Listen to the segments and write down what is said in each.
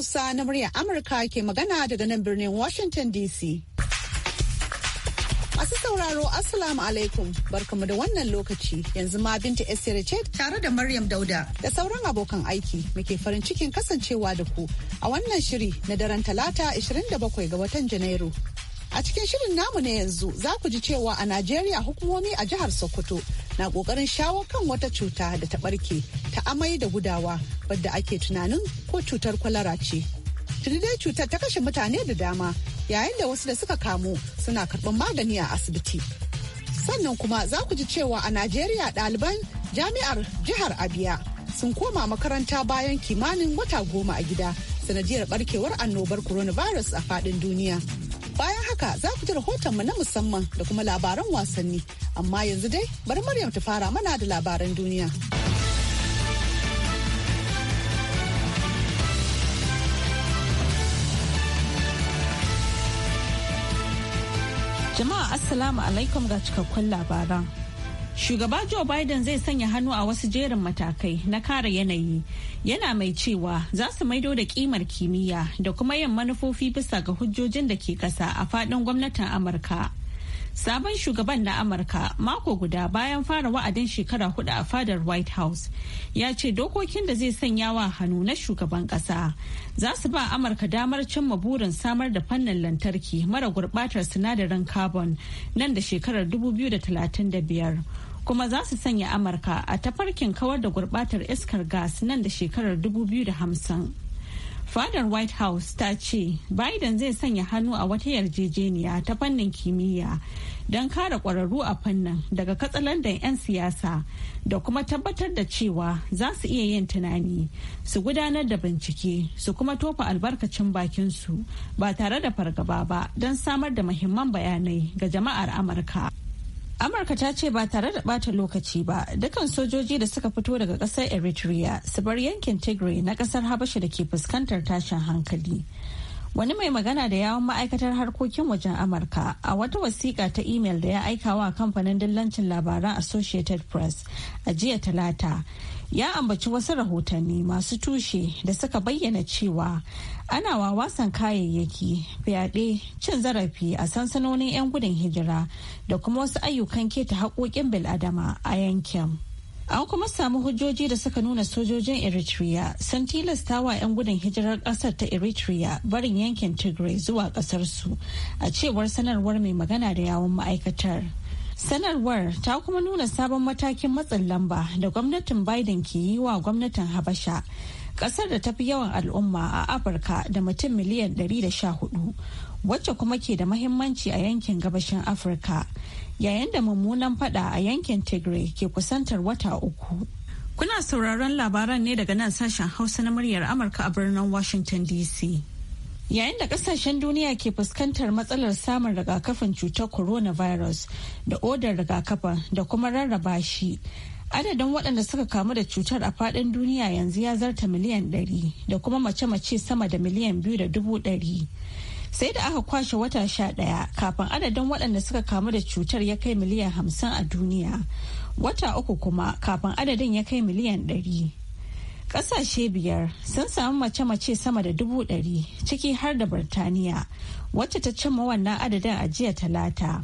Hausa na muryar Amurka ke magana daga nan birnin Washington DC. Masu sauraro asalamu alaikum barkamu da wannan lokaci yanzu ma Binta Esther ce tare da Maryam Dauda da sauran abokan aiki muke farin cikin kasancewa da ku a wannan shiri na daren Talata 27 ga watan Janairu. A cikin shirin namu na yanzu za ku ji cewa a Najeriya hukumomi a jihar Sokoto na kokarin shawo kan wata cuta da ta barke ta amai da gudawa wadda ake tunanin ko cutar kwalara ce tuni dai cutar ta kashe mutane da dama yayin da wasu da suka kamu suna karɓar magani a asibiti sannan kuma za ku ji cewa a najeriya ɗaliban jami'ar jihar abia sun koma makaranta bayan kimanin wata goma a gida sanadiyar barkewar annobar coronavirus a faɗin duniya haka za ku ji rahotonmu na musamman da kuma labaran wasanni. Amma yanzu dai bari Maryam ta fara mana da labaran duniya. Jama'a Assalamu alaikum ga cikakkun labaran. Shugaba Joe Biden zai sanya hannu a wasu jerin matakai na kare yanayi. Yana mai cewa za su maido da kimar kimiyya da kuma yin manufofi bisa ga hujjojin da ke kasa a fadin gwamnatin Amurka. Sabon shugaban na Amurka mako guda bayan fara wa'adin shekara hudu a fadar White House ya ce dokokin da zai sanya wa hannu na shugaban kasa za su ba Amurka damar cimma burin samar da fannin lantarki mara gurbatar sinadarin carbon nan da shekarar 2035. kuma za su sanya amurka a tafarkin kawar da gurbatar iskar gas nan da shekarar 2050 fadar white house ta ce biden zai sanya hannu a wata yarjejeniya ta fannin kimiyya don kare kwararru a fannin daga katsalandan 'yan siyasa da kuma tabbatar da cewa za su iya yin tunani su gudanar da bincike su kuma tofa albarkacin bakinsu ba tare da fargaba ba don samar da muhimman bayanai ga jama'ar amurka amurka ta ce ba tare da bata lokaci ba dukkan sojoji da suka fito daga kasar eritrea su bar yankin tigray na kasar habasha da ke fuskantar tashin hankali wani mai magana da yawon ma'aikatar harkokin wajen amurka a wata wasiƙa ta imel da ya aika wa kamfanin dillancin labaran associated press a jiya talata ya ambaci wasu rahotanni masu tushe da suka bayyana cewa ana wa wasan kayayyaki fyaɗe cin zarafi a sansanonin 'yan gudun hijira da kuma wasu ayyukan keta haƙoƙin bil'adama a yankin an kuma samu hujjoji da suka nuna sojojin eritrea sun tilasta wa 'yan gudun hijirar ƙasar ta eritrea barin yankin tigray zuwa ƙasarsu a cewar sanarwar mai magana da yawon ma'aikatar Sanarwar ta kuma nuna sabon matakin matsin lamba da gwamnatin Biden ke yi wa gwamnatin Habasha, ƙasar da ta fi yawan al'umma a Afirka da mutum miliyan 114, wacce kuma ke da mahimmanci a yankin gabashin Afirka, yayin da mummunan fada a yankin Tigray ke kusantar wata uku. Kuna sauraron labaran ne daga nan sashen Hausa na muryar Amurka a birnin Washington DC. Yayin da kasashen duniya ke fuskantar matsalar samun rigakafin cutar coronavirus da odar rigakafin da kuma rarraba shi. Adadin waɗanda suka kamu da cutar a faɗin duniya yanzu ya zarta miliyan ɗari da kuma mace-mace sama da miliyan biyu da dubu ɗari. Sai da aka kwashe wata sha ɗaya kafin adadin waɗanda suka kamu da cutar ya kai miliyan hamsin a duniya. Wata uku kuma kafin adadin ya kai miliyan ɗari. Ƙasashe biyar sun samu mace-mace sama da dubu ɗari ciki har da Birtaniya wacce ta cimma wannan adadin a jiya talata.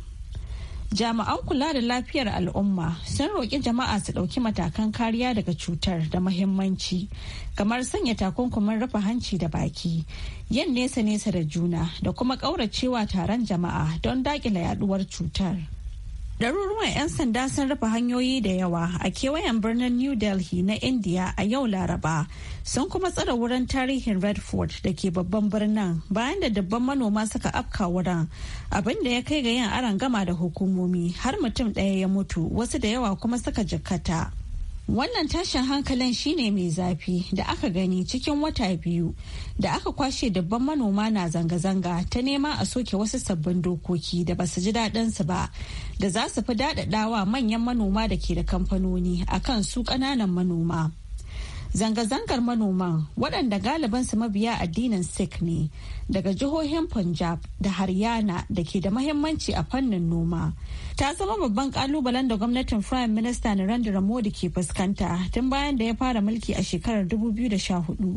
jama'an kula da lafiyar al'umma sun roƙi jama'a su ɗauki matakan kariya daga cutar da mahimmanci kamar sanya takunkumin rufe hanci da baki, yin nesa-nesa da juna da kuma ƙauracewa taron jama'a don daƙila yaduwar cutar. Ɗaruruwan 'yan sanda sun rufe hanyoyi da yawa a kewayen birnin New Delhi na India a yau Laraba sun kuma tsare wurin tarihin Redford da ke babban birnin bayan da dabban manoma suka afka wurin abin da ya kai ga yin aron gama da hukumomi har mutum ɗaya ya mutu wasu da yawa kuma suka jikkata. Wannan tashin hankalin shine mai zafi da aka gani cikin wata biyu da aka kwashe dabban manoma na zanga-zanga ta nema a soke wasu sabbin dokoki da basu ji daɗinsu ba da za su fi daɗaɗawa manyan manoma da ke da kamfanoni akan su ƙananan manoma. Zanga-zangar manoman waɗanda su mabiya addinin Sikh ne daga jihohin Punjab da Haryana da ke da mahimmanci a fannin noma. Ta zama babban kalubalen da gwamnatin Prime Minister Narendra Modi ke fuskanta tun bayan da ya fara mulki a shekarar 2014.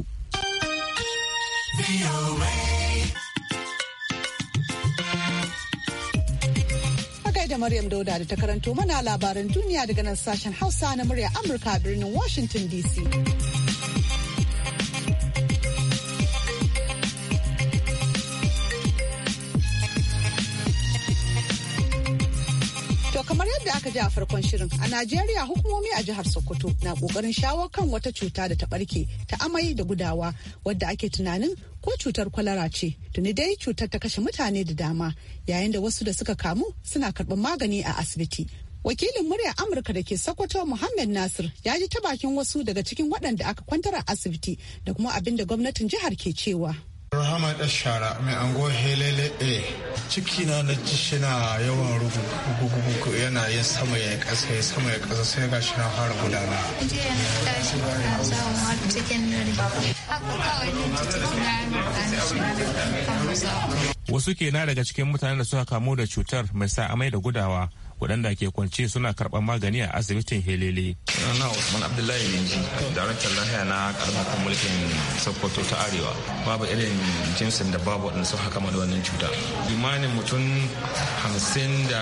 Maryam Dauda da ta karanto mana labaran duniya daga nan sashen Hausa na murya Amurka birnin Washington DC. kamar yadda aka ji a farkon shirin a najeriya hukumomi a jihar sokoto na kokarin shawo kan wata cuta da ta barke ta amai da gudawa wadda ake tunanin ko cutar kwalara ce tuni dai cutar ta kashe mutane da dama yayin da wasu da suka kamu suna karɓar magani a asibiti wakilin muryar amurka da ke sokoto muhammad nasir ya ji ta bakin wasu daga cikin waɗanda aka kwantar a asibiti da kuma abin da gwamnatin jihar ke cewa Rahama da shara mai ango helele a ciki na na ji na yawan rugu-rugu yana yin sama ya kasa ya sama ya kasa sai ga shi na fara gudana. Wasu ke tashi na kawai ne na shi na Wasu daga cikin mutane da suka kamu da cutar mai sa amai da gudawa waɗanda ke kwance suna karɓar magani a asibitin helele. sunana usman abdullahi benji daraktan lahiya na ƙarfafa mulkin sokoto ta arewa babu irin jinsin da babu waɗanda sun haka da wannan cuta imanin mutum hamsin da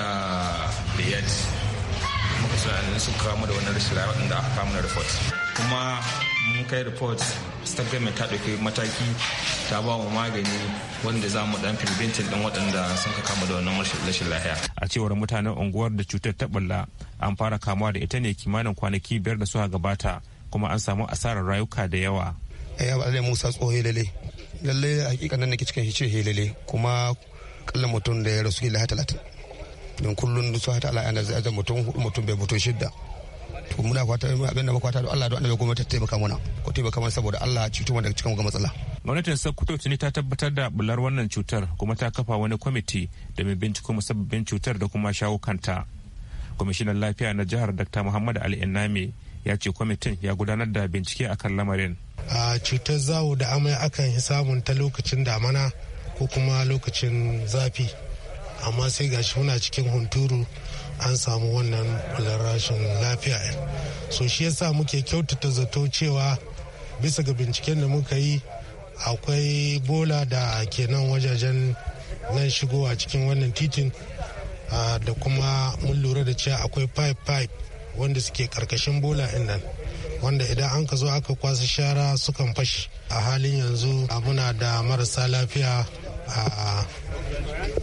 biyar muka suna suka kamu da wannan rashin rayuwa waɗanda aka kamu report kuma mun kai report state government ta ɗauki mataki ta ba mu magani wanda za mu dan preventing din waɗanda sun ka kama da wannan rashin lahiya a cewar mutanen unguwar da cutar ta ɓulla an fara kamuwa da ita ne kimanin kwanaki biyar da suka gabata kuma an samu asarar rayuka da yawa ya eh, ba musa tsoho helele a hakika nan nake cikin shi ce helele kuma kallon mutum da ya rasu ilaha talatin don kullum su hata ala'ana zai mutum hudu mutum bai mutum shidda to muna fata muna abin da muka fata Allah don annabi gwamnati ta taimaka mana ko taimaka mana saboda Allah cutu mana daga cikin matsala gwamnatin Sokoto tuni ta tabbatar da bular wannan cutar kuma ta kafa wani kwamiti da mai binciko musabbabin cutar da kuma shawo kanta kwamishinan lafiya na jihar Dr. Muhammad Ali Iname ya ce kwamitin ya gudanar da bincike akan lamarin a cutar zawo da amai akan samun ta lokacin damana ko kuma lokacin zafi amma sai gashi muna cikin hunturu an samu wannan rashin lafiya so shi yasa muke kyautata zato cewa bisa ga binciken da muka yi akwai bola da ke nan wajajen nan shigowa cikin wannan titin da kuma mun lura da cewa akwai pipe pipe wanda suke karkashin bola nan wanda idan an ka zo aka kwasa shara sukan fashi a halin yanzu muna da marasa lafiya a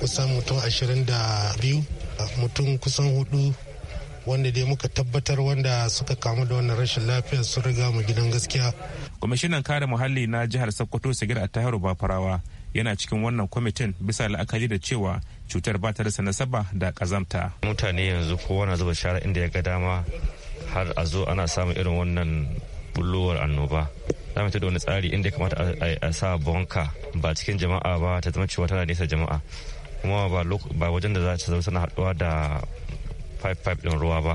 kusan mutum ashirin da biyu mutum kusan hudu wanda dai muka tabbatar wanda suka kamu da wannan rashin lafiya sun riga mu gidan gaskiya. kwamishinan kare muhalli na jihar sokoto sigir a tahiru bafarawa yana cikin wannan kwamitin bisa la'akari da cewa cutar ba ta rasa nasaba da kazamta. mutane yanzu kowa na zuba shara inda ya ga dama har a zo ana samun irin wannan bullowar annoba za mu da wani tsari inda ya kamata a sa bonka ba cikin jama'a ba ta zama cewa tana nesa jama'a kuma ba wajen da za ta zama tana haɗuwa da pipe pipe ɗin ruwa ba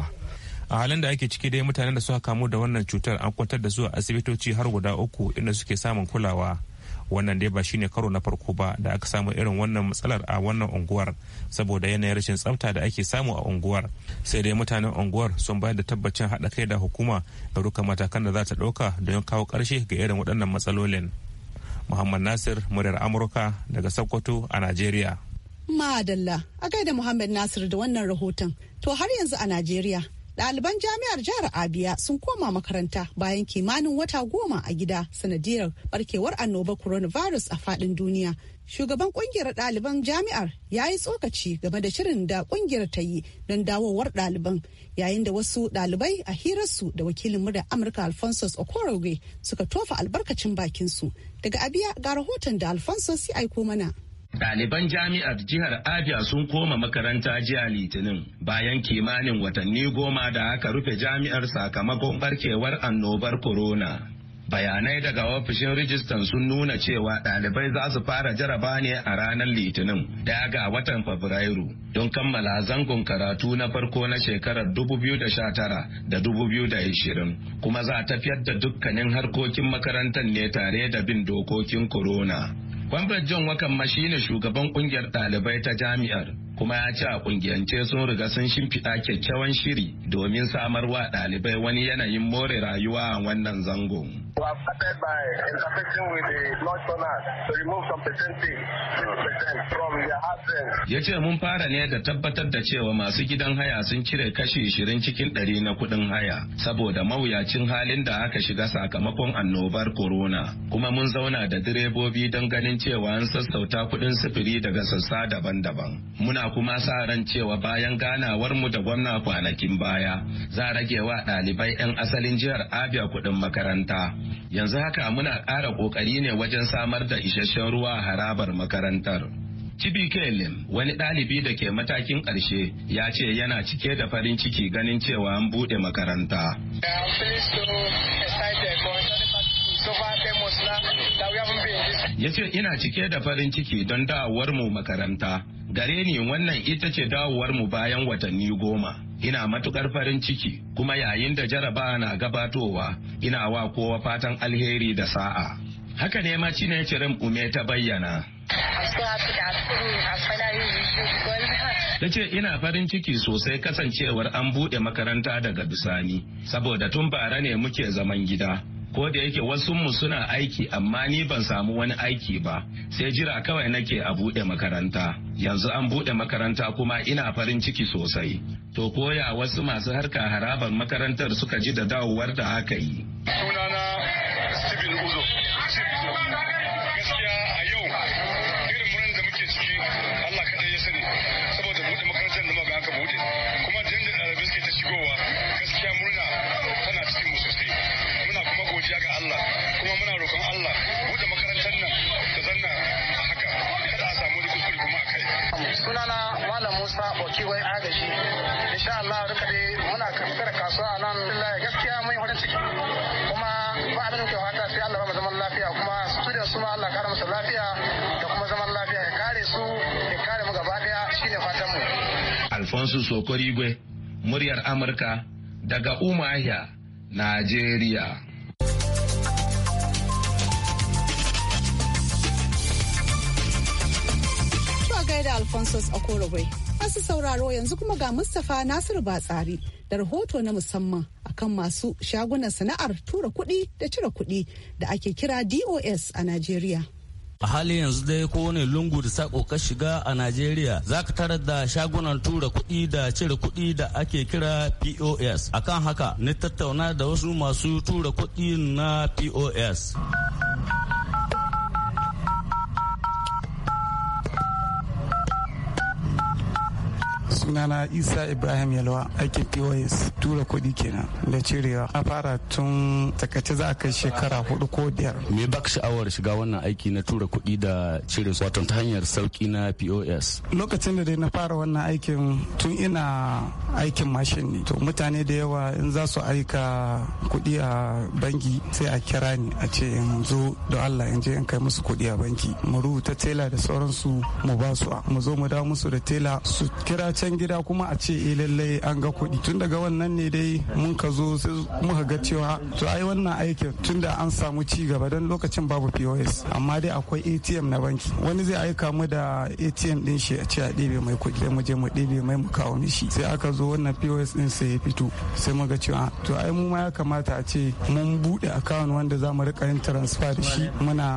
a halin da ake ciki dai mutanen da suka kamu da wannan cutar an kwantar da su a asibitoci har guda uku inda suke samun kulawa wannan dai ba shine karo na farko ba da aka samu irin wannan matsalar a wannan unguwar saboda yanayin rashin tsafta da ake samu a unguwar sai dai mutanen unguwar sun bayar da tabbacin haɗa kai da hukuma da ruka matakan da za ta ɗauka don kawo ƙarshe ga irin waɗannan matsalolin muhammad nasir muryar amurka daga sokoto a najeriya madalla a gaida muhammad nasir da wannan rahoton to har yanzu a najeriya Ɗaliban jami'ar jihar Abia sun koma makaranta bayan kimanin wata goma a gida sanadiyar barkewar annobar coronavirus a faɗin duniya. Shugaban kungiyar ɗaliban jami'ar ya yi tsokaci game da shirin da kungiyar ta yi don dawowar ɗaliban yayin da wasu ɗalibai a hirarsu da wakilin murya Amurka Alphonsus Okoroge suka tofa albarkacin bakinsu. Daga Abia ga rahoton da Alphonsus ya aiko mana. Ɗaliban jami'ar jihar Abia sun koma makaranta jiya Litinin bayan kimanin watanni goma da aka rufe jami'ar sakamakon barkewar annobar corona. Bayanai daga ofishin rijistan sun nuna cewa ɗalibai za su fara jaraba ne a ranar Litinin daya ga watan Fabrairu don kammala zangon karatu na farko na shekarar 2019 da 2020 kuma za a tafiyar da dukkanin harkokin makarantar ne tare da bin dokokin corona. Comrade John Wakan Mashi ne shugaban kungiyar ɗalibai ta jami'ar. kuma ya ce a kungiyance sun riga sun shimfiɗa kyakkyawan shiri domin samar wa ɗalibai wani yanayin more rayuwa a wannan zango Ya ce mun fara ne da tabbatar da cewa masu gidan haya sun cire kashi shirin cikin ɗari na kuɗin haya saboda mawuyacin halin da aka shiga sakamakon annobar corona kuma mun zauna da direbobi don ganin cewa an sassauta kuɗin sufuri daga sassa daban-daban. Muna kuma sa ran cewa bayan ganawar mu da gwamna kwanakin baya za rage wa ɗalibai 'yan asalin jihar Abia kuɗin makaranta. Yanzu haka muna ƙara ƙoƙari ne wajen samar da isasshen ruwa a harabar makarantar. Chibi Kelim, wani ɗalibi da ke matakin ƙarshe, ya ce yana cike da farin ciki ganin cewa an buɗe makaranta. Yace ina cike da farin ciki don dawowar mu makaranta. Gare ni wannan ita ce dawowar mu bayan watanni goma. Ina matukar farin ciki kuma yayin da jaraba na gabatowa ina wa kowa fatan alheri da sa'a. Haka ne ma cine cirin ume ta bayyana. Ta ina farin ciki sosai kasancewar an buɗe makaranta daga bisani, saboda tun bara ne muke zaman gida. ko da yake wasu mu suna aiki amma ni ban samu wani aiki ba sai jira kawai nake a bude makaranta yanzu an bude makaranta kuma ina farin ciki sosai to koya wasu masu harka harabar makarantar suka ji da dawowar da aka yi sunana mu da su ma Allah kare musu lafiya da kuma zaman lafiya ya kare su ya kare mu gaba daya shine fatan mu Alfonso Sokorigwe muryar Amurka daga Umahia Najeriya gaida Alfonso Okorogwe. Masu sauraro yanzu kuma ga Mustapha Nasiru Batsari da rahoto na musamman kan masu shagunan sana'ar tura kuɗi da cire kuɗi da ake kira DOS a Najeriya. a hali yanzu dai kowane lungu da sako ka shiga a najeriya za ka tarar da shagunan tura kuɗi da cire kuɗi da ake kira pos akan haka ni tattauna da wasu masu tura kuɗi na pos sunana isa ibrahim yalwa aikin pos tura kuɗi kenan da cirewa a fara tun takace za a kai shekara hudu ko biyar me bak sha'awar shiga wannan aiki na tura kuɗi da cire su ta hanyar sauki na pos lokacin da dai na fara wannan aikin tun ina aikin mashin ne to mutane da yawa in za su aika kuɗi a banki sai a kira ni a ce in zo da allah in je in kai musu kuɗi a banki mu rubuta tela da sauransu mu ba su mu zo mu dawo musu da tela su kira can gida kuma a ce eh lallai an ga kuɗi tun daga wannan ne dai mun ka zo sai muka ga cewa to ai wannan aikin tun da an samu ci gaba don lokacin babu POS amma dai akwai ATM na banki wani zai aika mu da ATM din shi a ce a ɗebe mai kuɗi mu je mu ɗebe mai mu kawo mishi sai aka zo wannan POS din sai ya fito sai mu ga cewa ah, to ai mu ma ya kamata a ce mun buɗe account wanda za mu rika yin transfer da shi muna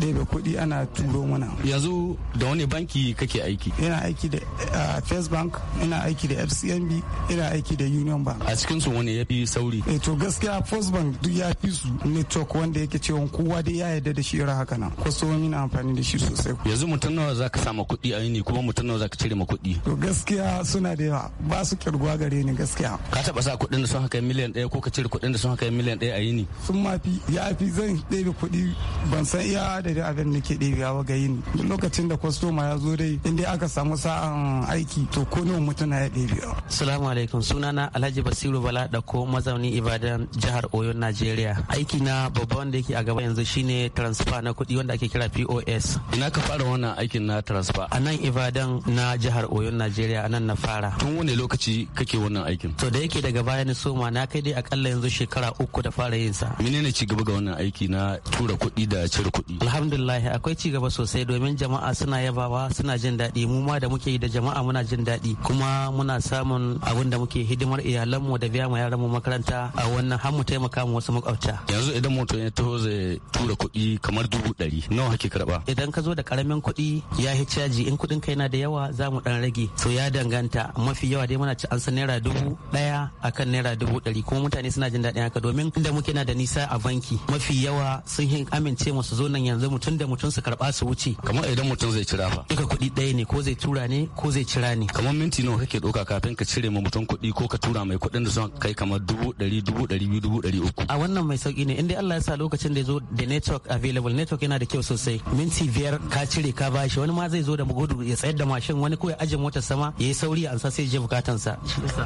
ɗebe kuɗi ana turo mana yanzu da wani banki kake aiki yana aiki da ah, first bank ina aiki da fcmb ina aiki da union bank a cikin su wani ya fi sauri eh to gaskiya first bank duk ya fi su network wanda yake cewa kowa dai ya yarda da shi ra haka nan kwastomomi na amfani da shi sosai yanzu mutum nawa za ka sama kuɗi a yini kuma mutum nawa za ka cire ma kuɗi to gaskiya suna da yawa ba su kirguwa gare ni gaskiya ka taɓa sa kuɗin da sun haka miliyan ɗaya ko ka cire kuɗin da sun haka miliyan ɗaya a yini sun ma fi ya fi zan ɗebe kuɗi ban san iya da abin da ke ɗebewa ga yini lokacin da kwastoma ya zo dai inda aka samu sa'an aiki to ko mutu na ya biyu. Salamu alaikum sunana Alhaji Basiru Bala da ko mazauni Ibadan jihar Oyo Najeriya. Aiki na babban wanda yake a gaba yanzu shine transfer na kuɗi wanda ake kira POS. Ina ka fara wannan aikin na transfer? A nan Ibadan na jihar Oyo Najeriya a nan na fara. Tun wani lokaci kake wannan aikin? To da yake daga baya ni soma na kai dai akalla yanzu shekara uku da fara yin sa. Menene ci gaba ga wannan aiki na tura kuɗi da cire kuɗi? Alhamdulillah akwai ci gaba sosai domin jama'a suna yabawa suna jin daɗi mu ma da muke yi da jama'a muna jin daɗi kuma muna samun abin da muke hidimar iyalanmu da biya ma mu makaranta a wannan har mu taimaka mu wasu makwabta yanzu idan mutum ya taho zai tura kuɗi kamar dubu ɗari nawa kake karɓa idan ka zo da karamin kuɗi ya yi caji in kuɗin ka yana da yawa za mu ɗan rage to ya danganta mafi yawa dai muna ci an san naira dubu ɗaya akan naira dubu ɗari kuma mutane suna jin daɗin haka domin inda muke na da nisa a banki mafi yawa sun hin amince mu su zo nan yanzu mutum da mutum su karɓa su wuce kamar idan mutum zai cira fa duka kuɗi ɗaya ne ko zai tura ne ko zai cira ne kamar minti nawa kake ɗauka kafin ka cire ma mutum kuɗi ko ka tura mai kuɗin da sun kai kamar dubu ɗari dubu ɗari biyu dubu ɗari uku. A wannan mai sauki ne inda Allah ya sa lokacin da ya zo da network available network yana da kyau sosai minti biyar ka cire ka ba shi wani ma zai zo da gudu ya tsayar da mashin wani ko ya aje motar sama ya yi sauri a ansa sai je bukatansa.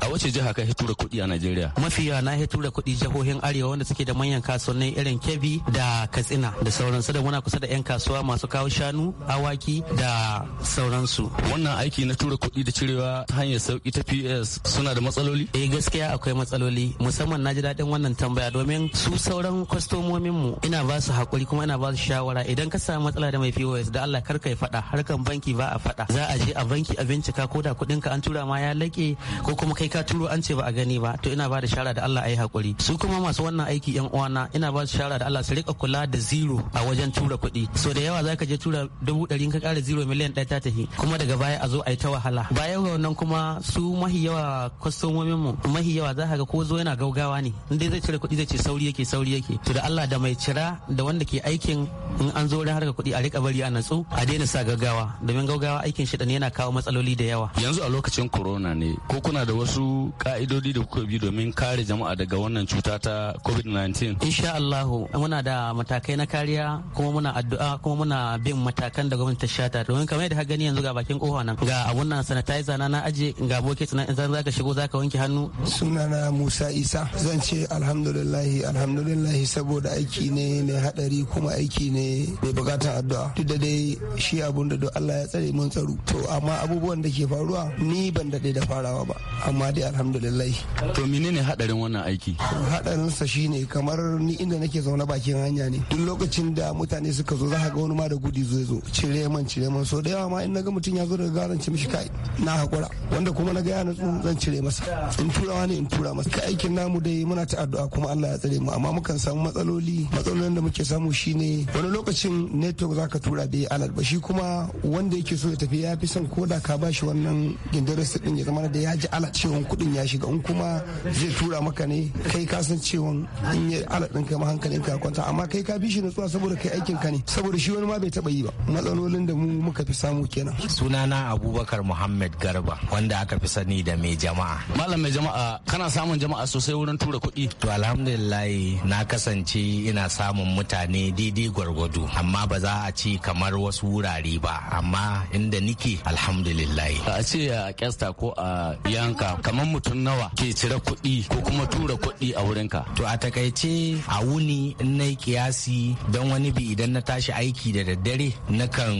A wace jiha ka tura kuɗi a Najeriya? Mafi yawa na tura kuɗi jihohin Arewa wanda suke da manyan kasuwanni irin Kebbi da Katsina da sauransu da muna kusa da 'yan kasuwa masu kawo shanu awaki da sauransu. Wannan aiki na tura kuɗi da cirewa ta hanyar sauki ta PS suna da matsaloli? Eh gaskiya akwai matsaloli musamman na ji daɗin wannan tambaya domin su sauran kwastomomin mu ina ba su hakuri kuma ina ba su shawara idan ka samu matsala da mai POS da Allah kar kai faɗa harkan banki ba a faɗa za a je a banki a bincika ko da kuɗin ka an tura ma ya laƙe ko kuma kai ka turo an ce ba a gani ba to ina ba da shawara da Allah ayi hakuri su kuma masu wannan aiki yan uwana ina ba su shawara da Allah su rika kula da zero a wajen tura kuɗi so da yawa zaka je tura dubu ɗari ka ƙara zero miliyan ɗaya ta tafi kuma daga baya a zo a yi ta wahala bayan sannan kuma su mahi yawa kwastomomin mu mahi yawa za ka ga ko zo yana gaugawa ne in dai zai cire kuɗi zai ce sauri yake sauri yake to da Allah da mai cira da wanda ke aikin in an zo wurin harkar kuɗi a rika bari a natsu a daina sa gaggawa domin gaugawa aikin shi yana kawo matsaloli da yawa yanzu a lokacin corona ne ko kuna da wasu ka'idodi da kuka bi domin kare jama'a daga wannan cuta ta covid-19 insha Allah muna da matakai na kariya kuma muna addu'a kuma muna bin matakan da gwamnati ta shata domin kamar yadda ka gani yanzu ga bakin kofa nan ga abun nan sanitizer na na aje ga bokiti na zan zaka shigo zaka wanke hannu sunana Musa Isa zan ce alhamdulillah alhamdulillah saboda aiki ne mai hadari kuma aiki ne mai bukatar addu'a duk da dai shi abun da Allah ya tsare mun tsaro to amma abubuwan da ke faruwa ni ban dade da farawa ba amma dai alhamdulillah to menene hadarin wannan aiki hadarin sa shine kamar ni inda nake zaune bakin hanya ne duk lokacin da mutane suka zo za ga wani ma da gudi zo zo cire man cire man so da yawa ma in naga mutum ya zo daga garan ci mishi kai na hakura gyara wanda kuma na gaya ya tsu zan cire masa in turawa ne in tura masa kai aikin namu dai muna ta addu'a kuma Allah ya tsare mu amma mukan samu matsaloli matsalolin da muke samu shine wani lokacin network zaka tura bai alal ba shi kuma wanda yake so ya tafi ya fi son koda ka ba shi wannan gindirin din ya zama da ya ji alal cewa kudin ya shiga in kuma zai tura maka ne kai ka san cewa in yi alal din kai ma hankalin ka kwanta amma kai ka bi shi natsuwa saboda kai aikin ka ne saboda shi wani ma bai taba yi ba matsalolin da mu muka fi samu kenan sunana Abubakar Muhammad Garba ba wanda aka fi sani da mai jama'a malam mai jama'a kana samun jama'a sosai wurin tura kuɗi to alhamdulillah na kasance ina samun mutane daidai gwargwado amma ba za a ci kamar wasu wurare ba amma inda nike alhamdulillah a ce a kesta ko a yanka kamar mutum nawa ke cire kuɗi ko kuma tura kuɗi a wurinka to a takaice a wuni in na kiyasi don wani bi idan na tashi aiki da daddare nakan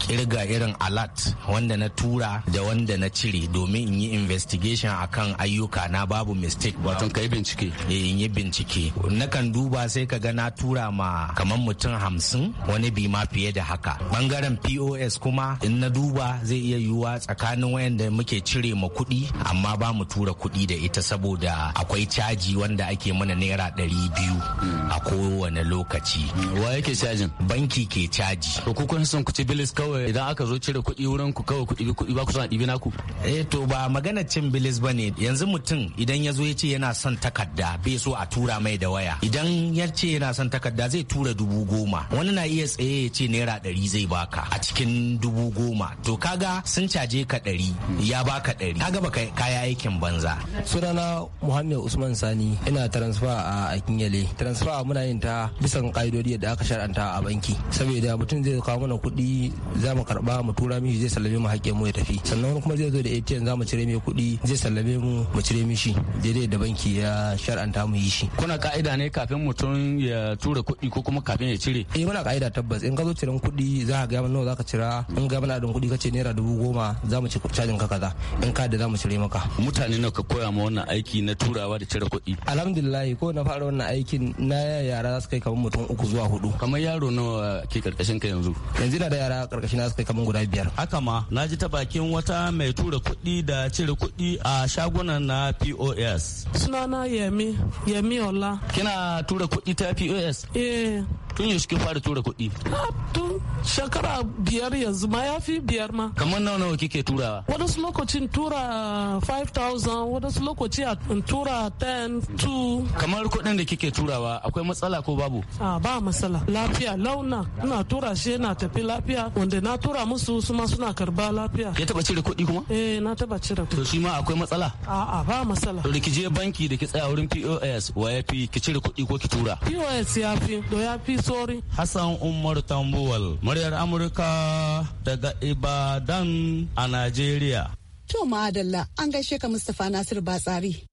kirga irin alat wanda na tura da wanda na na cire domin in yi investigation a kan ayyuka na babu mistake wato kai bincike eh, in yi bincike nakan duba sai ka ga na tura ma kamar mutum hamsin wani bi ma fiye da haka bangaren pos kuma in na duba zai iya yiwuwa tsakanin wayanda muke cire ma kuɗi amma ba mu tura kuɗi da ita saboda akwai caji wanda ake mana naira ɗari biyu a kowane lokaci wa yake cajin banki ke caji to ku kun san ku ci bilis kawai idan aka zo cire kuɗi wurin ku kawai kuɗi kuɗi ba ku san ɗibi naku eh to ba magana cin bilis ba ne yanzu mutum idan ya zo ya ce yana son takarda bai so a tura mai da waya idan ya ce yana son takarda zai tura dubu goma wani na iya tsaye ya ce naira ɗari zai baka a cikin dubu goma to kaga sun caje ka ɗari ya baka ɗari kaga baka kaya aikin banza. sunana muhammed usman sani ina transfer a yale transfer muna yin ta bisan ka'idodi da aka shar'anta a banki saboda mutum zai kawo mana kuɗi za mu karɓa mu tura mishi zai sallame mu haƙƙin mu ya tafi sannan kuma zai zai zo da ATM za mu cire mai kuɗi zai sallame mu mu cire mishi daidai da banki ya shar'anta mu yi shi. Kuna ka'ida ne kafin mutum ya tura kuɗi ko kuma kafin ya cire? Eh muna ka'ida tabbas in ka zo ciren kuɗi za ka gaya nawa za ka cira in ga mana adin kuɗi ka ce naira dubu goma za mu ci cajin ka kaza in ka da za mu cire maka. Mutane nawa ka koya ma wannan aiki na turawa da cire kuɗi? Alhamdulillah ko na fara wannan aikin na yara za su kai kamar mutum uku zuwa hudu. Kamar yaro nawa ke karkashin ka yanzu? Yanzu na da yara karkashin na su kai kamar guda biyar. Haka ma na ji ta bakin wata mai tura kuɗi da cire kuɗi a shagunan na POS. Sunana Yemi, Yemi Ola. Kina tura kuɗi ta POS? Eh. tun yaushe kin fara tura kuɗi tun shekara biyar yanzu ma ya fi biyar ma kamar nawa nawa kike turawa su lokacin tura 5000 su lokaci a tura 10,000. kamar kuɗin da kike turawa akwai matsala ko babu a ba matsala lafiya launa ina tura shi yana tafi lafiya wanda na tura musu su ma suna karba lafiya ya taba cire kuɗi kuma eh na taba cire to shi ma akwai matsala a a ba matsala to da ki je banki da ki tsaya wurin POS wa ya fi ki cire kuɗi ko ki tura POS ya fi do ya fi Sori Hassan Umar Tambuwal, muryar Amurka daga Ibadan a Najeriya. To ma'adalla an gaishe ka Mustapha nasiru Batsari.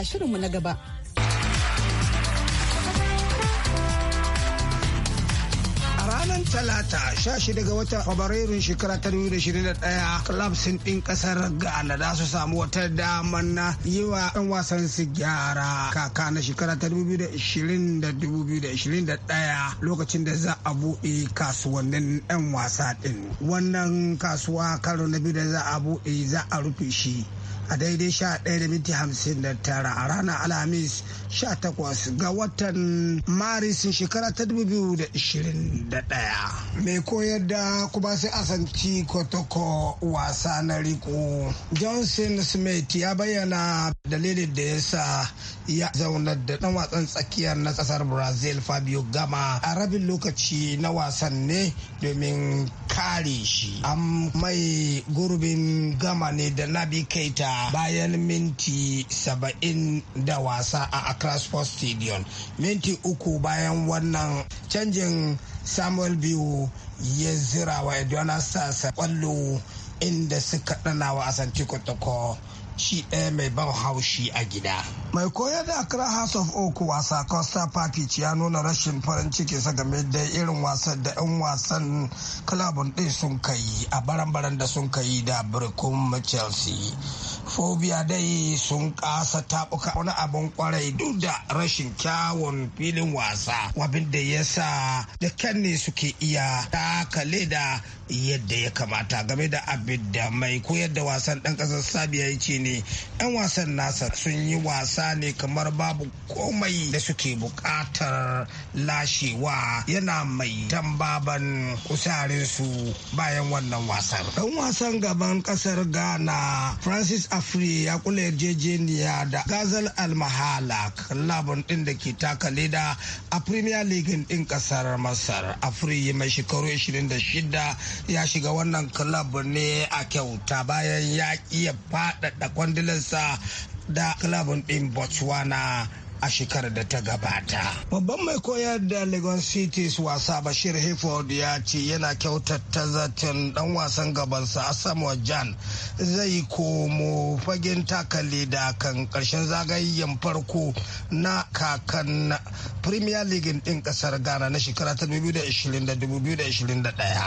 ga shirinmu na gaba. ranar talata 16 ga watan fabrairun shekara ta 2021 club sun ɗin ƙasar ghana za su samu wata damar na yi wa ɗan wasan su gyara kaka na shekara ta 2020-2021 lokacin da za a buɗe kasuwannin ɗan wasa ɗin wannan kasuwa karo na biyu da za a buɗe za a rufe shi a daidai sha ɗaya da minti hamsin da tara a ranar alhamis sha takwas ga watan maris shekara ta dubu biyu da ishirin da ɗaya mai koyar da kuma sai asanci kotoko wasa na riko johnson smith ya bayyana dalilin da ya sa ya zauna da ɗan wasan tsakiyar na ƙasar brazil fabio gama a rabin lokaci na wasan ne domin kare shi an mai gurbin gama ne da na nabi keita bayan minti saba'in da wasa a Accra Sports Stadium. Minti uku bayan wannan canjin Samuel Biyu ya zira wa Edwana Stars kwallo inda suka ɗana wa Asanti Kotoko shi ɗaya mai ban haushi a gida. Mai koyar da Accra House of Oak wasa Costa ci ya nuna rashin farin ciki game da irin wasan da 'yan wasan kilabun ɗin sun kai a baran-baran da sun kai da Birkum Chelsea. fobia dai sun kasa tabuka wani abin kwarai duk da rashin kyawun filin wasa wabin da ya sa da kyan ne suke iya takale da yadda ya kamata game da abin da mai koyar da wasan ɗan ƙasar sabiya ya ce ne 'yan wasan nasa sun yi wasa ne kamar babu komai da suke buƙatar lashewa yana mai tambaban kusarinsu bayan wannan wasan ɗan wasan gaban ƙasar ghana francis afri ya kula yarjejeniya da gazal almahala labon ɗin da ke taka leda a premier league ɗin ƙasar masar afri mai shekaru 26 ya shiga wannan club ne a kyauta bayan ya iya faɗaɗa sa da club ɗin botswana a shekarar da ta gabata. Babban mai koyar da Lagos Cities wasa Bashir Hifford ya ce yana kyautata zaton dan wasan gabansa Asamoah Jan zai komo fagen takalli da kan karshen zagayen farko na kakan Premier League din kasar Ghana na shekara ta 2020-2021.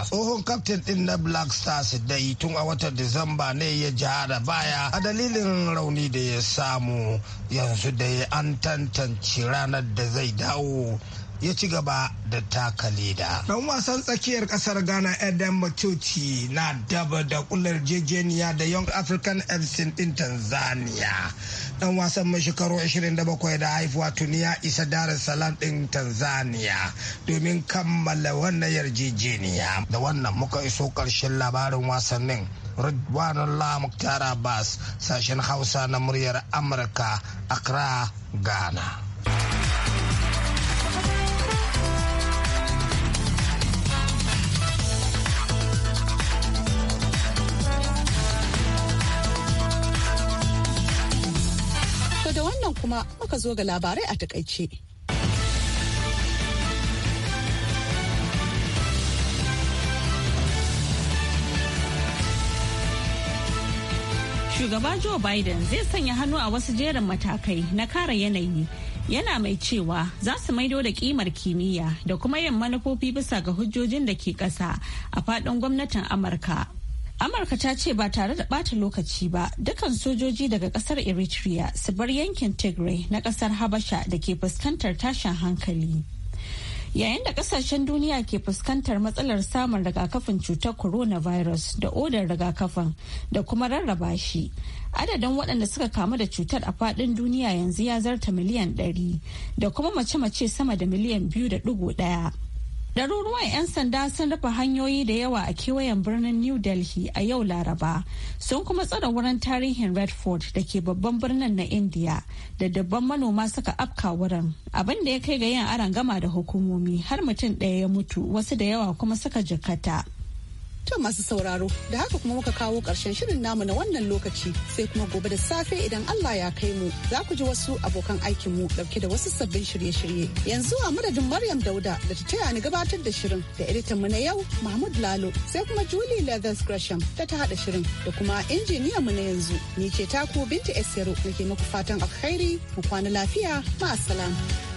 Tsohon kaftin din na Black Stars dai tun a watan Disamba ne ya jihar baya a dalilin rauni da ya samu yanzu ya an tantance ranar da zai dawo ya ci gaba da taka leda. Dan wasan tsakiyar kasar Ghana Eden Matuti na daba da kular jejeniya da Young African FC din Tanzania. Dan wasan mai shekaru 27 da haifuwa tuni ya isa dara Salam din Tanzania domin kammala wannan yarjejeniya. Da wannan muka iso karshen labarin wasannin. Ridwanullah Muktar Abbas sashen Hausa na muryar Amurka Accra, Ghana. da wannan kuma muka zo ga labarai a takaice. shugaba joe biden zai sanya hannu a wasu jerin matakai na kare yanayi yana mai cewa za su maido da kimar kimiyya da kuma yin manufofi bisa ga hujjojin da ke ƙasa a fadin gwamnatin amurka amurka ta ce ba tare da bata lokaci ba dukkan sojoji daga kasar eritrea su bar yankin tigray na kasar habasha da ke fuskantar tashin hankali yayin da kasashen duniya ke fuskantar matsalar samun rigakafin cutar coronavirus da odar rigakafin da kuma rarraba shi adadin waɗanda suka kamu da cutar a faɗin duniya yanzu ya zarta miliyan 100 da kuma mace-mace sama da miliyan 2.1 Ɗaruruwan 'yan sanda sun rufe hanyoyi da yawa a kewayen birnin New Delhi a yau Laraba, sun kuma tsare wurin tarihin Redford da ke babban birnin na India da dabban manoma suka afka wurin. Abin da ya kai ga yin aran gama da hukumomi har mutum ɗaya ya mutu wasu da yawa kuma suka jikata. To masu sauraro, da haka kuma muka kawo ƙarshen shirin namu na wannan lokaci sai kuma gobe da safe idan Allah ya kai mu za ku ji wasu abokan aikinmu ɗauke da wasu sabbin shirye-shirye. Yanzu a madadin Maryam Dauda da ta taya ni gabatar da shirin da editan mu na yau Mahmud Lalo sai kuma Julie Leathers Gresham ta ta haɗa shirin da kuma injiniya mu na yanzu ni ce taku Binta Esero nake muku fatan alkhairi mu kwana lafiya ma